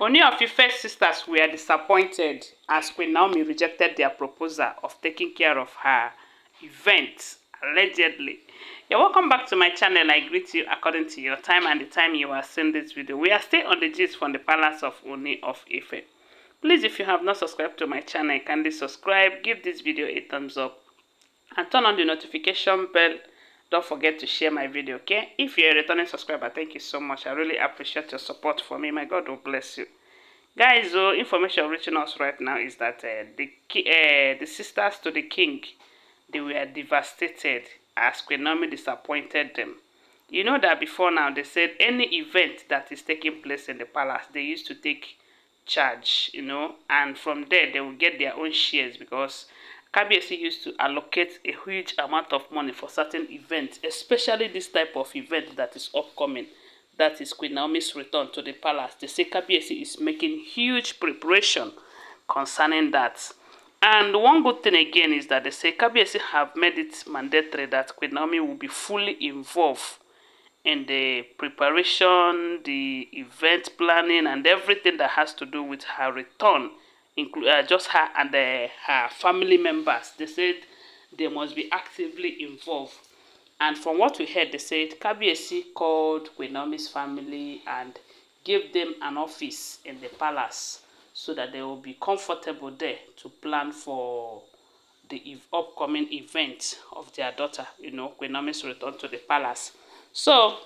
Only of Ife's sisters were disappointed as Queen Naomi rejected their proposal of taking care of her events allegedly. You're welcome back to my channel. I greet you according to your time and the time you are seeing this video. We are still on the gist from the palace of Oni of Ife. Please, if you have not subscribed to my channel, kindly subscribe, give this video a thumbs up, and turn on the notification bell Don't forget to share my video, okay? If you're a returning subscriber, thank you so much. I really appreciate your support for me. My God will bless you. Guys, so oh, information reaching us right now is that uh, the, uh, the sisters to the king, they were devastated as Queen Naomi disappointed them. You know that before now, they said any event that is taking place in the palace, they used to take charge, you know, and from there they will get their own shares because Kabiyesi used to allocate a huge amount of money for certain events, especially this type of event that is upcoming. That is Queen Naomi's return to the palace. They say Kabiyesi is making huge preparation concerning that. And one good thing again is that they say Kabiyesi have made it mandatory that Queen Naomi will be fully involved in the preparation, the event planning, and everything that has to do with her return include uh, just her and the, uh, her family members. They said they must be actively involved. And from what we heard, they said Kabiesi called Kwenomi's family and gave them an office in the palace so that they will be comfortable there to plan for the ev upcoming event of their daughter, you know, Kwenomi's return to the palace. So,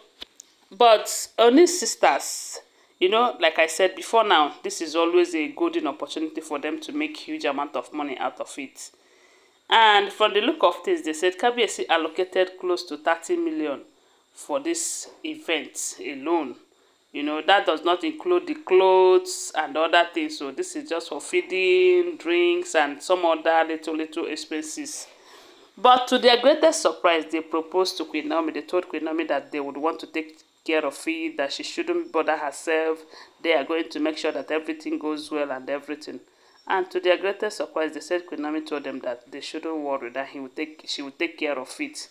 but only sisters you know like i said before now this is always a golden opportunity for them to make huge amount of money out of it and from the look of things they said kbsc allocated close to 30 million for this event alone you know that does not include the clothes and other things so this is just for feeding drinks and some other little little expenses but to their greatest surprise they proposed to queen naomi they told queen naomi that they would want to take care of it, that she shouldn't bother herself. They are going to make sure that everything goes well and everything. And to their greatest surprise, they said Queen Naomi told them that they shouldn't worry, that he would take, she would take care of it.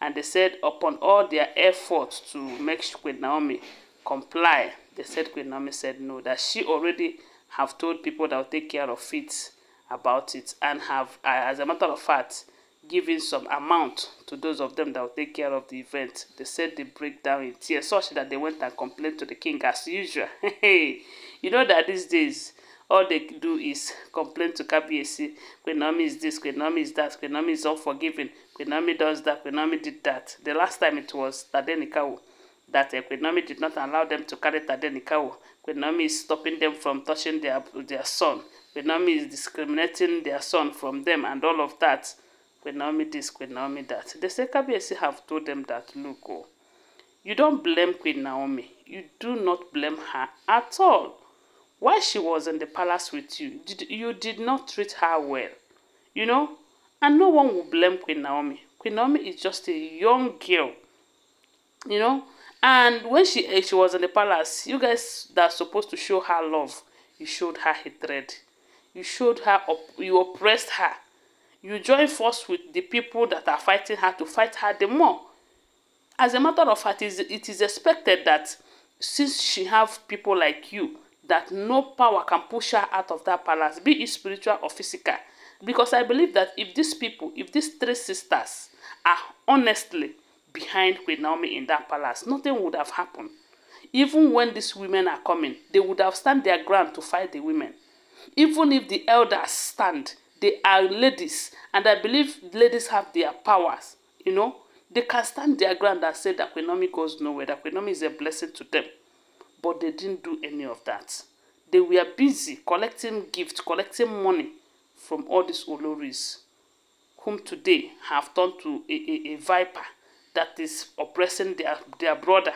And they said upon all their efforts to make Queen Naomi comply, they said Queen Naomi said no, that she already have told people that will take care of it about it and have, uh, as a matter of fact, giving some amount to those of them that will take care of the event. They said they break down in tears, such that they went and complained to the king as usual. you know that these days, all they do is complain to KBAC, Queen Naomi is this, Queen Naomi is that, Queen Naomi is unforgiving, Queen Naomi does that, Queen Naomi did that. The last time it was Tadenikawo that uh, eh, Queen Naomi did not allow them to carry Tadenikawo. Queen Naomi is stopping them from touching their, their son. Queen Naomi is discriminating their son from them and all of that. Queen Naomi this, Queen Naomi that. the say have told them that, look, oh, you don't blame Queen Naomi. You do not blame her at all. While she was in the palace with you, did, you did not treat her well. You know? And no one will blame Queen Naomi. Queen Naomi is just a young girl. You know? And when she, eh, she was in the palace, you guys that are supposed to show her love, you showed her hatred. You showed her, up, you oppressed her you join force with the people that are fighting her to fight her the more. As a matter of fact, it is expected that since she have people like you, that no power can push her out of that palace, be it spiritual or physical. Because I believe that if these people, if these three sisters are honestly behind Queen Naomi in that palace, nothing would have happened. Even when these women are coming, they would have stand their ground to fight the women. Even if the elders stand, they are ladies and i believe ladies have their powers you know they can stand their ground and say that Quenomi goes nowhere that Quenomi is a blessing to them but they didn't do any of that they were busy collecting gifts collecting money from all these oloris whom today have turned to a, a, a viper that is oppressing their, their brother.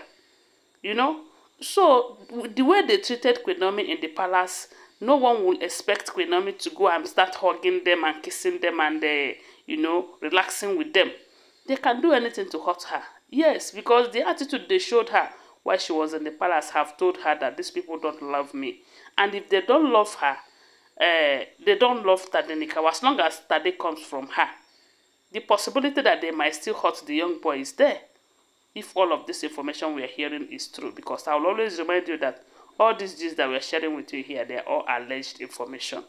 You know? So, the way they treated Queen in the palace no one will expect Queen Naomi to go and start hugging them and kissing them and, uh, you know, relaxing with them. They can do anything to hurt her. Yes, because the attitude they showed her while she was in the palace have told her that these people don't love me. And if they don't love her, uh, they don't love Tadenika. as long as Tade comes from her. The possibility that they might still hurt the young boy is there. If all of this information we are hearing is true, because I will always remind you that all these things that we're sharing with you here, they're all alleged information.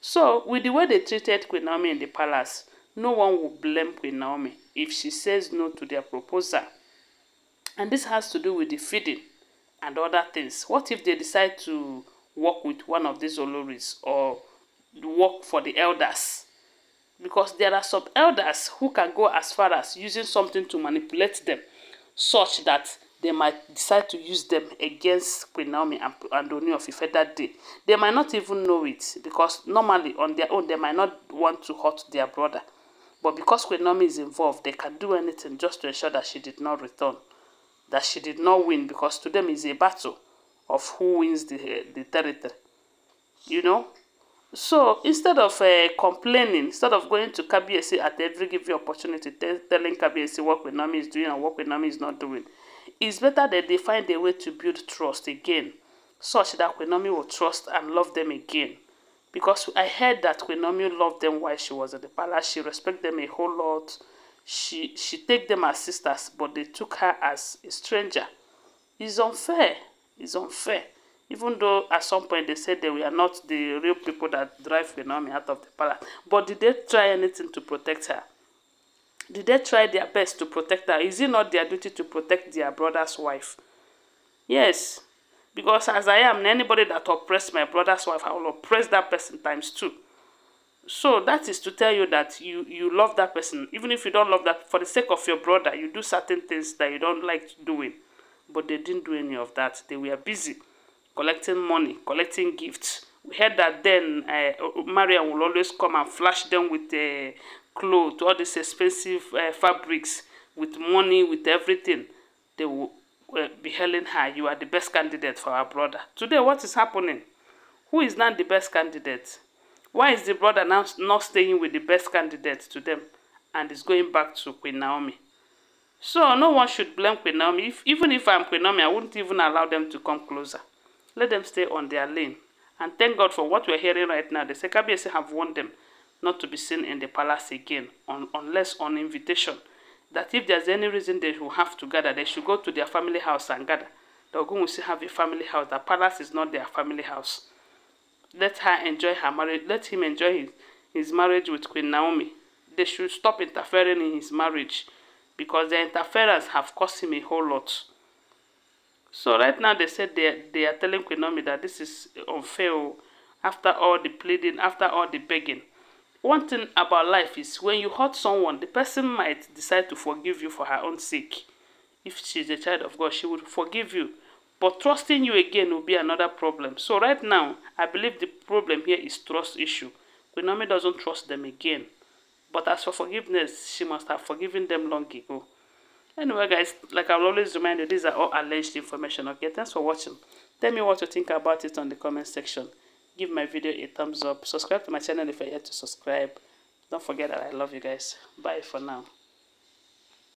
So, with the way they treated Queen Naomi in the palace, no one will blame Queen Naomi if she says no to their proposal. And this has to do with the feeding and other things. What if they decide to work with one of these Oloris or work for the elders? Because there are some elders who can go as far as using something to manipulate them such that They might decide to use them against Queen Naomi and, and Ooni of Ife that day. They might not even know it because normally on their own they might not want to hurt their brother. But because Queen Naomi is involved, they can do anything just to ensure that she did not return, that she did not win because to them is a battle of who wins the, eh, the territory. You know? So instead of uh, complaining, instead of going to KBSC at every given opportunity, telling KBSC what Queen Naomi is doing and what Queen Naomi is not doing, It's better that they find a way to build trust again, such that Kwenomi will trust and love them again. Because I heard that Kwenomi loved them while she was at the palace. She respected them a whole lot. She, she take them as sisters, but they took her as a stranger. It's unfair. It's unfair. Even though at some point they said they were not the real people that drive Kwenomi out of the palace. But did they try anything to protect her? Did they try their best to protect her? Is it not their duty to protect their brother's wife? Yes. Because as I am, anybody that oppressed my brother's wife, I will oppress that person times two. So that is to tell you that you, you love that person. Even if you don't love that, for the sake of your brother, you do certain things that you don't like doing. But they didn't do any of that. They were busy collecting money, collecting gifts. We heard that then uh, Mariam will always come and flash them with the. Eh, clothes, all these expensive uh, fabrics, with money, with everything, they will uh, be hailing her. You are the best candidate for our brother. Today, what is happening? Who is not the best candidate? Why is the brother now not staying with the best candidate to them and is going back to Queen Naomi? So no one should blame Queen Naomi. If, even if I'm Queen Naomi, I wouldn't even allow them to come closer. Let them stay on their lane. And thank God for what we're hearing right now. The Sekabiese have warned them not to be seen in the palace again on, unless on invitation. That if there's any reason they will have to gather, they should go to their family house and gather. The Ogun will still have a family house. The palace is not their family house. Let her enjoy her marriage. Let him enjoy his, his marriage with Queen Naomi. They should stop interfering in his marriage because their interference have cost him a whole lot. So right now they said they, they are telling Queen Naomi that this is unfair oh, after all the pleading, after all the begging. One thing about life is when you hurt someone, the person might decide to forgive you for her own sake. If she's a child of God, she would forgive you. But trusting you again will be another problem. So right now, I believe the problem here is trust issue. Kwenomi doesn't trust them again. But as for forgiveness, she must have forgiven them long ago. Anyway, guys, like I'll always remind you, these are all alleged information. Okay, thanks for watching. Tell me what you think about it on the comment section. give my video a thumbs up subscribe to my channel if you're yet to subscribe don't forget that i love you guys bye for now